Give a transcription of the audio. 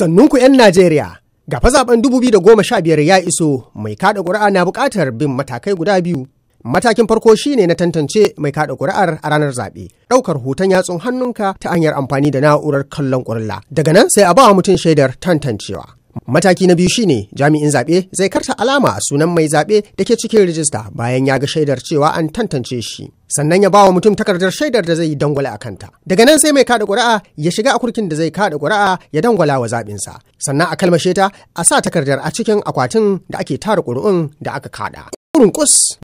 Sannunku 'yan Najeriya, gafa zaben 2015 ya iso mai kaɗa ƙuri'a na buƙatar bin matakai guda biyu. Matakin farko shine na tantance mai kaɗa ƙuri'ar a ranar zaɓe, ɗaukar hoton yatsun hannunka ta hanyar amfani da na'urar kallon ƙurilla. Daga nan sai a ba mutum shaidar tantancewa. Mataki na biyu shine jami'in zaɓe zai karta alama a sunan mai zaɓe da ke cikin rijista bayan ya ga shaidar cewa an tantance shi. Sannan ya ba wa mutum takardar shaidar da zai yi dangwala a kanta. Daga nan sai mai kada ƙuri'a ya shiga a kurkin da zai kaɗa ƙuri'a ya dangwala wa zaɓinsa. Sannan a kalmashe ta a sa takardar a cikin akwatin da ake tara ƙuri'un da aka kaɗa.